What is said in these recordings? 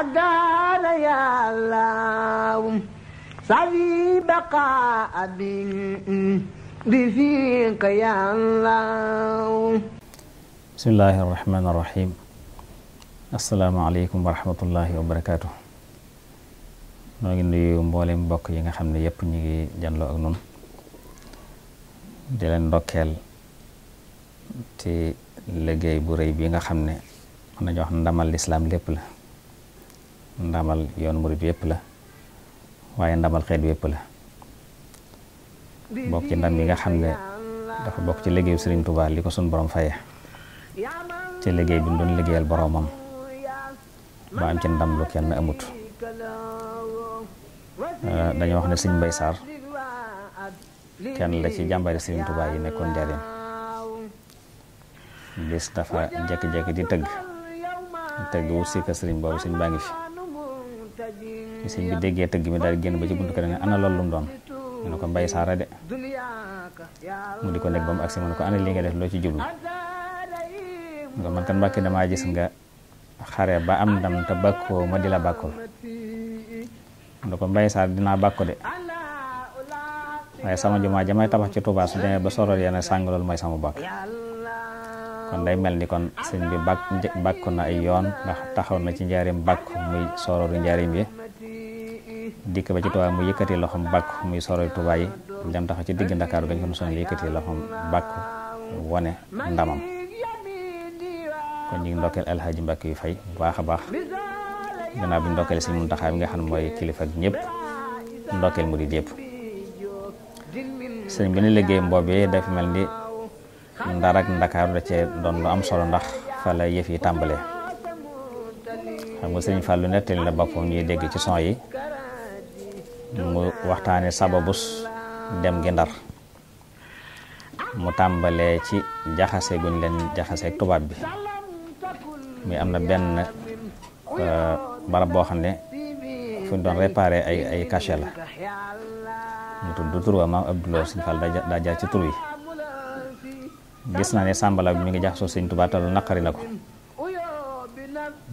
أدار يا الله سعي بقاء بفيق يا الله بسم الله الرحمن الرحيم السلام عليكم ورحمة الله وبركاته noo ngi nuyu mboolem mbokk yi nga xam ne yëpp ñu ngi janloo ak nun di leen ndokkeel ci liggéey bu rëy bi nga xam ne mën nañu wax ndamal lislaam lépp la yépp la waaye ndamal xeet bokk ci ndam yi nga xam ne dafa bokk ci liggéeyu Sëriñ Tuubaa li borom faye ci liggéey bi liggéeyal boromam ba ndam lu kenn amut euh, dañu wax ne Sëriñ Mbay Saar kenn la ci jàmbari Sëriñ Tuubaa yi nekkoon njariñ bis dafa jékki-jékki di tëgg teg gi wut sëriñ boobu si baa ngi fi bi sëñ déggee tëgg mi daal génn ba ci buntu kër ne ana loolu lu mu doon mu ne ko mbay saara de mu di ko nekk ba mu agsi mu ne ko ana li loo ci jublu mu ne man kan mbàkki nga xare ba am ndam te bàkkoo ma di la bàkkoo mu ne ko mbay saara dinaa bàkko de waaye sama jumaa jamay tabax ci Tuubaa su demee ba soror yenn sàng loolu mooy sama bàkk kon day mel ni kon sëñ bi bàkk na ay yoon ndax taxaw na ci njaarim bàkk muy sorooru njaarim yi dikk ba ci Tuubaa mu yëkkati loxoom bàkk muy sorooru Tuubaa yi dem taxaw ci digg Ndakaaru gañ ko nu sonal yëkkati loxoom bàkk wane ndamam kon ñu ndokkeel El Hadj yu fay bu baax a baax gannaaw bi ndokkeel sëñ Muntaxaa bi nga xam mooy kilifa ak ñëpp ndokkeel mu di yëpp sëñ bi ni liggéey mboobee dafa mel ni ndar ak ndakaaru da doon lu am solo ndax fa la yëf yi tàmbalee xam nga sëñ Fallou nettali la boppam ñuy dégg ci son yi mu waxtaane sababus dem gi ndar mu tàmbalee ci jaxase guñ leen jaxase tubaab bi muy am na benn euh, barab boo xam ne fu ñu doon réparé ay ay cachet la mu tudd tur wa maam Abdoulaye sëñ Fall daa jaar ci tur yi gis na ne sàmbala bi mi ngi jax soo Tuubaa te lu naqari la ko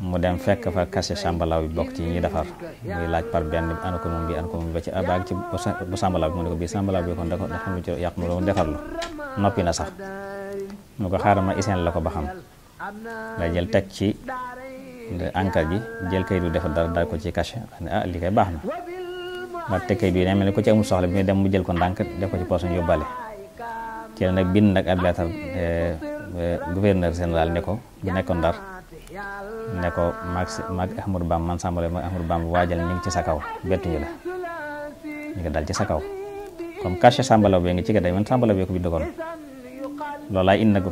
mu dem fekk fa kase sàmbala bi bokk ci ñuy defar muy laaj par benn ana ko bi ana ko moom bi ba ci abaag ci mu ko bi kon da ko dafa mu ci yàq mu doon defar lu noppi na sax mu ko xaaral ma iseen la ko ba xam la jël teg ci encre ji jël kayit du defar dara daal ko ci kase ah li kay baax na ndax te kayit bi ne mel ni ko ci amul soxla bi muy dem mu jël ko ndànk def ko ci poosam yóbbaale ci la nag bind nag ab leetar eh, eh, gouverneur général ne ko bu nekkoon Ndar ne mag maag maag Ahmadou Bamba man Samba Lo maag Ahmadou Bamba waajal ñu ngi ci sa kaw bettuñu la ñu ngi dal ci sa kaw comme cachet Samba Lo ngi ci ga day man Samba Lo bi ko bi dogoon loolaay indi nag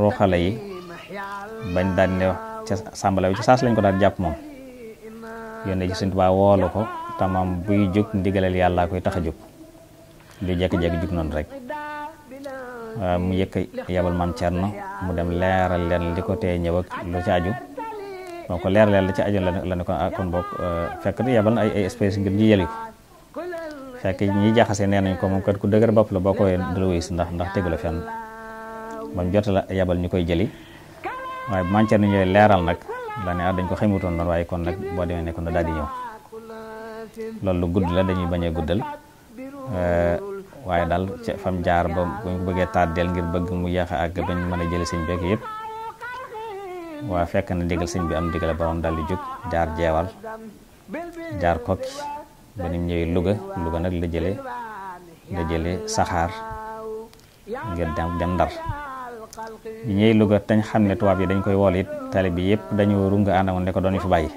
roo xale yi bañ daan ne ca bi ci saas lañ ko daal jàpp moom yónnee ci Sëñ Tuubaa woolu ko tamam buy jóg ndigaleel yàllaa koy tax a jóg du jékki-jékki jóg noonu rek Euh, mu yëkk yebal maam Cerno mu dem leeral leen li ko tee ñëw ak lu ci aju donc ko leer leen li ci aju la ne ko ah, kon boog euh, fekk yebal na ay ay espèces ngir ñu yeli ko fekk ñi jaxase nee nañ ko moom kat ku dëgër bopp la boo ko dala wéy si ndax ndax tegu la fenn bam jot la yabal ñu koy jëli waaye maam Cerno ñooy leeral nag la ne ah, dañ ko xamutoon noonu waaye kon nag boo demee ne na daal di ñëw loolu gudd la dañuy bañ a guddal euh, waaye daal ca fam jaar ba buñ ko bëggee tàddeel ngir bëgg mu yéex a àgg bañ mën a jëli sëñ beeg yëpp waaye fekk na ndigal sëñ bi am ndigal borom daal di jóg jaar jeewal jaar kokki ba ni ñëwee Louga Louga nag la jële la jële saxaar ngir dem dem Ndar bi ñëwee Louga tañ xam ne tuwaab yi dañ koy wool tali bi yëpp dañu runga àndamoon ne ko doon ñu fi bàyyi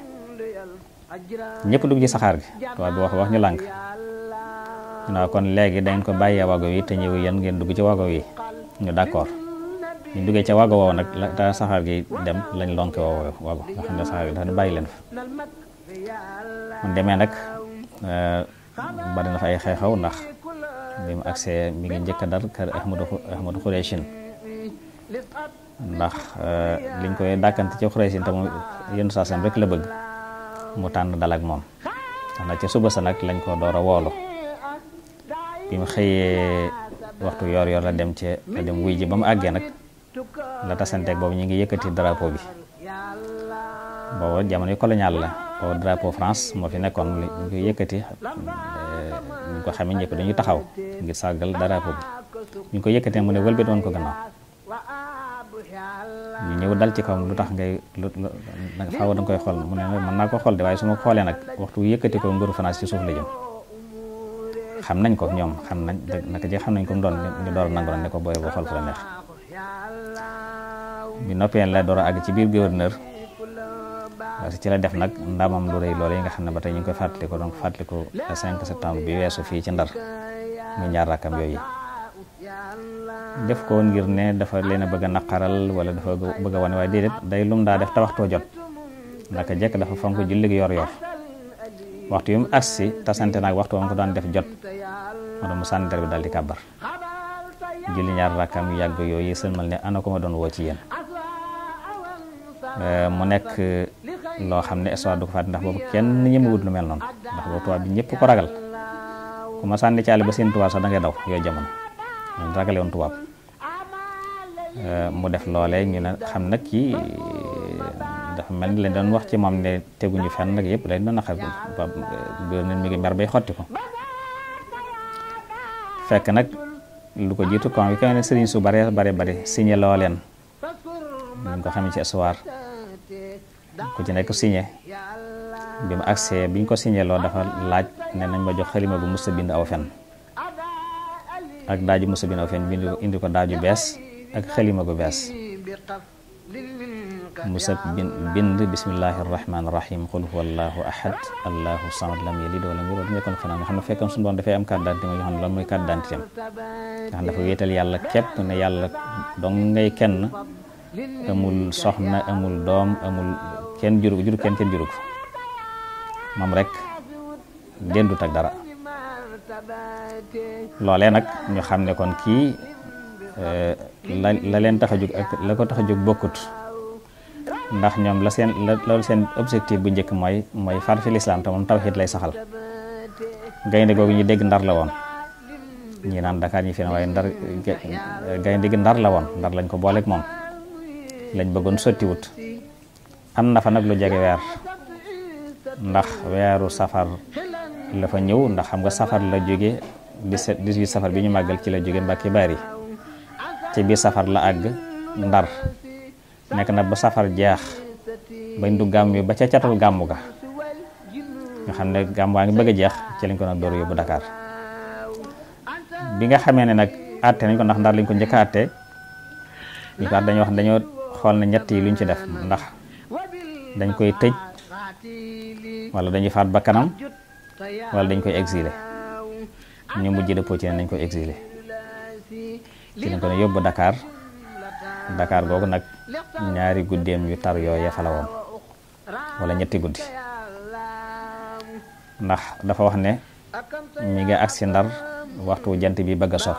ñëpp dugg ci saxaar gi tubaab bi wax wax ñu lànk naa kon léegi da ngeen ko bàyyee wago wi te ñëw yéen ngeen dugg ci wago wi ñu d'accord ñu duggee ci wago woowu nag la ta saxaar gi dem lañ lonke woo wago nga xam ne saxaar gi dafa leen fa demee nag euh, bari na fa ay xeexaw ndax bi mu agsee mi ngi njëkk a dal kër Ahmadu Ahmadu Xureyshin ndax euh, liñ koy dàkkante ci Xureyshin te moom yenn saa sam rek la bëgg mu tànn dal ak moom ndax ci suba sa nag lañ ko door a woolu bi mu xëyee waxtu yor yor la dem ci la dem wuy ji ba mu àggee nag la tasanteeg boobu ñu ngi yëkkati drapeau bi booba jamono yi colonial la booba drapeau France moo fi nekkoon lu ñu yëkkati eh, ñu ko xamee taxaw ngi sàggal drapeau bi ñu ko yëkkatee mu ne wëlbati woon ko gannaaw ñu ñëw dal ci kawam lu tax ngay lu xaw da nga koy xool mu ne man naa ko xool de waaye su ma xoolee nag waxtu yëkkati ko nguuru France ci suuf la jëm xam nañ ko ñoom xam nañ naka ji xam nañ ko mu doon ñu door a nangoon ne ko booy boo xool fu la neex bi noppee la door a àgg ci biir gouverneur parce que ci la def nag ndamam lu rëy loolu yi nga xam ne ba tey ñu ngi koy fàttali ko donc fàttali ko le 5 septembre bi weesu fii ci ndar muy ñaar rakkam yooyu def ko ngir ne dafa leen a bëgg a naqaral wala dafa bëgg a wane waaye déedéet day lum daa def te waxtoo jot naka jekk dafa fonk julli gi yor-yor waxtu yu mu agsi tasante naag waxtu wam ko daan def jot wala mu sànni der bi daal di kàbbar julli ñaar rakkam yu yàgg yooyu sëlmal ne ana ko ma doon woo ci yéen euh, mu nekk loo xam ne histoire du ko fàtte ndax boobu kenn ñemewut lu mel noonu ndax boobu tubaab bi ñëpp ko ragal ku ma sànni caali ba seen tubaab sax da ngay daw yooyu jamono ñu ragale woon tubaab euh, mu def loolee ñu ne xam nag kii dafa mel ni leen doon wax ci moom ne teguñu fenn nag yëpp dañ doon a xam ba mi ngi mer bay xotti ko fekk nag lu ko jiitu kon bi kay ne sëriñ su bare bare bare signé loo leen ñu ko xamee ci aswaar ku ci nekk signé bi mu agsee biñ ko signé loo dafa laaj ne nañ ma jox xalima bu musta bind aw fen ak daaju musta bind aw fen bind indi ko daaju bees ak xalima bu bees mu sab bind bismillahi irrahmani irrahim qul huwa allahu ahad allahu samad lam yalid walam yulad mu nekkoon fanaan nga xam ne fekkoon suñu borom dafay am carte d'identité mooy ne lan mooy carte d'identité dafa wéetal yàlla képp ne yàlla dong ngay kenn amul soxna amul doom amul kenn juru juru kenn kenn juru ko moom rek dendut ak dara loolee nag ñu xam ne kon kii euh, la la leen tax a jóg ak la ko tax a jóg bokkut ndax ñoom la seen la loolu seen objectif bu njëkk mooy mooy far fi lislaam te moom tawxiid lay saxal gaynde googu ñu dégg ndar la woon ñi naan Dakar ñi ndar gi ndar la woon ndar lañ ko booleeg moom lañ bëggoon sottiwut am na fa nag lu jege weer ndax weeru safar la fa ñëw ndax xam nga safar la jóge 17 18 safar bi ñu màggal ci la jóge kibaar yi ci biir safar la àgg ndar nekk nag ba safar jeex bañ du gàmm yi ba ca catal gàmm ga nga xam ne gàmm waa ngi bëgg a jeex ci lañ ko doon door yóbbu dakaar bi nga xamee ne nag àtte nañ ko ndax ndar lañ ko njëkk a àtte ñu ko dañoo wax dañoo xool na ñett yi luñ ci def ndax dañ koy tëj wala dañuy faat ba kanam wala dañ koy exilé ñu mujj dëppoo ci ne nañ koy exile ci lañ ko ne yóbbu Dakar Dakar googu nag ñaari guddeem yu tar yooyee fa la woon wala ñetti guddi ndax dafa wax ne mi ngi agsi Ndar waxtu jant bi bëgg a so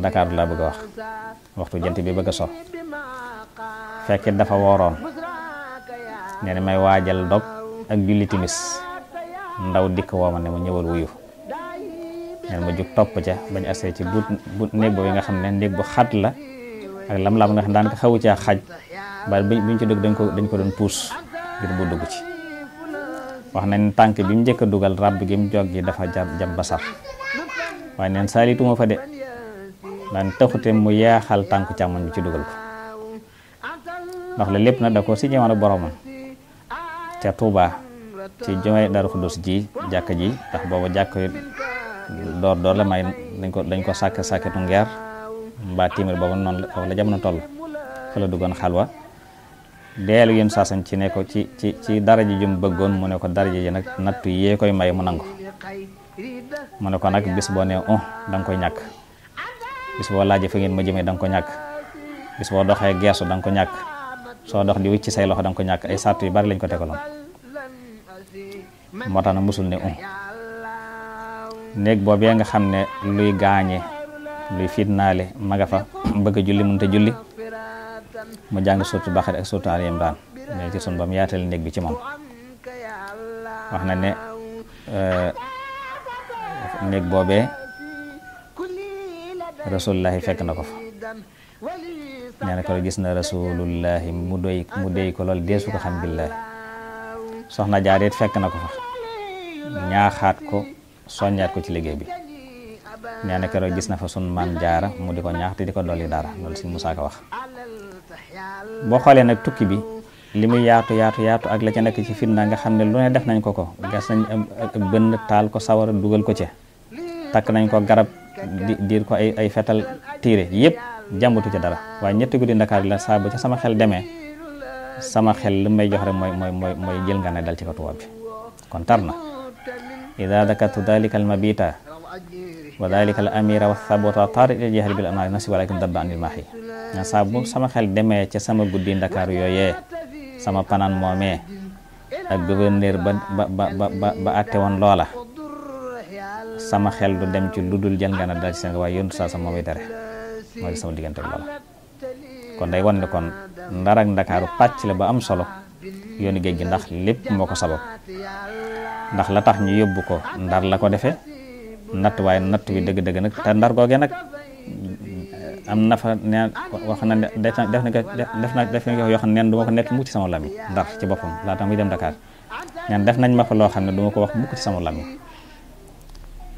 Dakar laa bëgg a wax waxtu jant bi bëgg a fekkit dafa wooroon nee na may waajal dog ak julli timis ndaw dikk woo ma ne ma ñëwal wuyu neen ma jug topp ca bañ asee ci bu bu néeg boobu nga xam ne néeg bu xat la ak lam-lam nga xam daan ko xawu caa xaj ba bi ñu ci dugg dañ ko dañ ko doon puus ngir bu dugg ci wax nañ tànk bi njëkk dugal ràbb gi mu jog gi dafa jab jab basar waaye neen saalituma fa de daan taxute mu yaaxal tànku càmmoñ bi ci dugal ko ndax la lépp na da ko si ñëwoon ak boromam ca Tuubaa ci jumaay Daaru Xudoos ji jàkk ji ndax booba jàkk door door la may dañ ko dañ ko sàkk sàkketu ngeer mbaa téeméer boobu noonu foofu la jamono toll fa la duggoon xalwa deelu yén saasam ci ne ko ci ci ci daraja jum bëggoon mu ne ko daraja ji nag nattu yee koy may mu nangu mu ne ko nag bis boo ne oh da koy ñàkk bis boo laajee fa ngeen ma jëmee da ñàkk bis doxee geesu danga nga ko ñàkk soo dox di wicc say loxo da nga ñàkk ay sàtt yu bari lañ ko tegaloon moo tax na musul ne oh néeg boobee nga xam ne luy gaañe luy fitnaale ma nga fa bëgg a julli mënut a julli mu jàng suuratu Baqara ak suuratu Ali Imran ci sun ba mu yaatal néeg bi ci moom wax na ne euh, néeg boobee rasulullahi fekk na ko fa nee na ko gis na rasulullahi mu doy mu dey ko lool deesu ko xam billahi soxna jaareet fekk na ko fa ñaaxaat ko soññaat ko ci liggéey bi nee na keroog gis na fa sun maam jaara mu di ko ñaax te di ko dolli dara loolu si Moussa Ka wax boo xoolee nag tukki bi li muy yaatu yaatu yaatu ak la ca nekk ci fitna nga xam ne lu ne def nañ ko ko gas nañ bënn taal ko sawara dugal ko ca takk nañ ko garab di diir ko ay ay fetal tiire yëpp jàmbatu ca dara waaye ñetti guddi Ndakaar la saa ci sama xel demee sama xel lu may jox rek mooy mooy mooy jël nga ne dal ci ko tubaab bi kon tar na ida dakartu dalika almabita wa dalika al amira wa thabota tar ila jahri bil nasi walakin dabba anil maahi na saa sama xel demee ca sama guddi ndakaaru yooyee sama panaan moomee ak gouverneur ba ba ba woon loola sama xel du dem ci lu dul jël nga na daal ci seen waaye yontu saa sama moomay tere mooy sama diggante loola kon day wan kon ndar ndakaaru pàcc la ba am solo yoonu géej gi ndax lépp moo ko sabab ndax la tax ñu yóbbu ko ndar la ko defee natt waaye natt wi dëgg-dëgg nag te ndar googee nag am nafa fa wax na ne def na def na def yoo xam ne du nekk mukk ci sama lami ndar ci boppam laata muy dem Dakar neen def nañ ma loo xam ne du ko wax mukk ci sama lami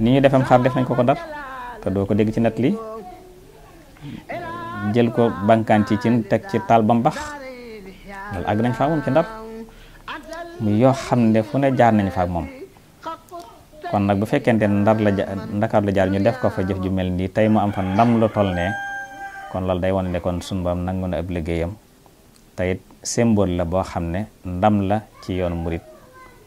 ni ñu defam ko ko ndar te doo ko dégg ci nett li jël ko bankaan ci cin teg ci taal ba mbax loolu nañ fa ak moom ci ndar muy yoo xam ne fu ne jaar nañ fa moom kon nag bu fekkente ne ndar la ja ndakaar la jaar ñu def ko fa jëf ju mel nii tey mu am fa ndam lu toll ne kon loolu day wane ne kon sunu Boroom nangu na ab liggéeyam te it symbole la boo xam ne ndam la ci yoonu murit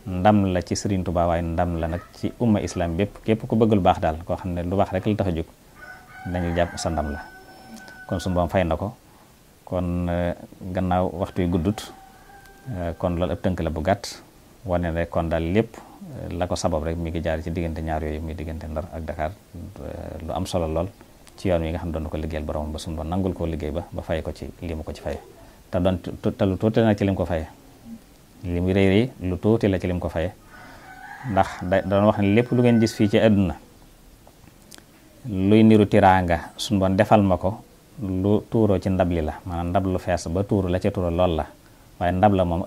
ndam la ci Serigne Touba waaye ndam la nag ci umma islam bépp képp ku bëgg lu baax daal koo xam ne lu baax rek la tax a jóg dañu jàpp sa ndam la kon sunu fay na ko. kon eh, gannaaw waxtu yu guddut eh, kon loolu ëpp tënk la bu gàtt wane rek kon daal lépp eh, la ko sabab rek mi ngi jaar ci diggante ñaar yooyu muy diggante Ndar ak dakaar lu am solo lool ci yoon wi nga xam doon ko liggéeyal borom ba suñu ba nangul koo liggéey ba ba fay ko ci li mu ko ci fay te doon te lu tuuti nag ci lim ko faye li mu rëy rëy lu tuuti la ci lim ko faye ndax da doon wax ne lépp lu ngeen gis fii ci àdduna luy niru tiraanga suñu bon defal ma ko lu tuuroo ci ndab li la maanaam ndab lu fees ba tuuru la ca tuura lool la waaye ndab la moom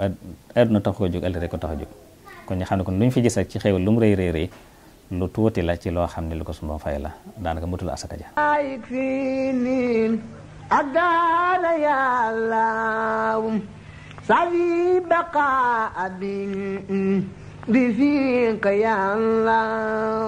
àdduna tax koo jóg ëllëg rek ko tax a kon ñu xam ne kon lu ñu fi gis ci xéewal lu mu rëy rëy lu tuuti la ci loo xam ne lu ko suma fay la daanaka mutul asaka ja أدار يا الله سعي بقاء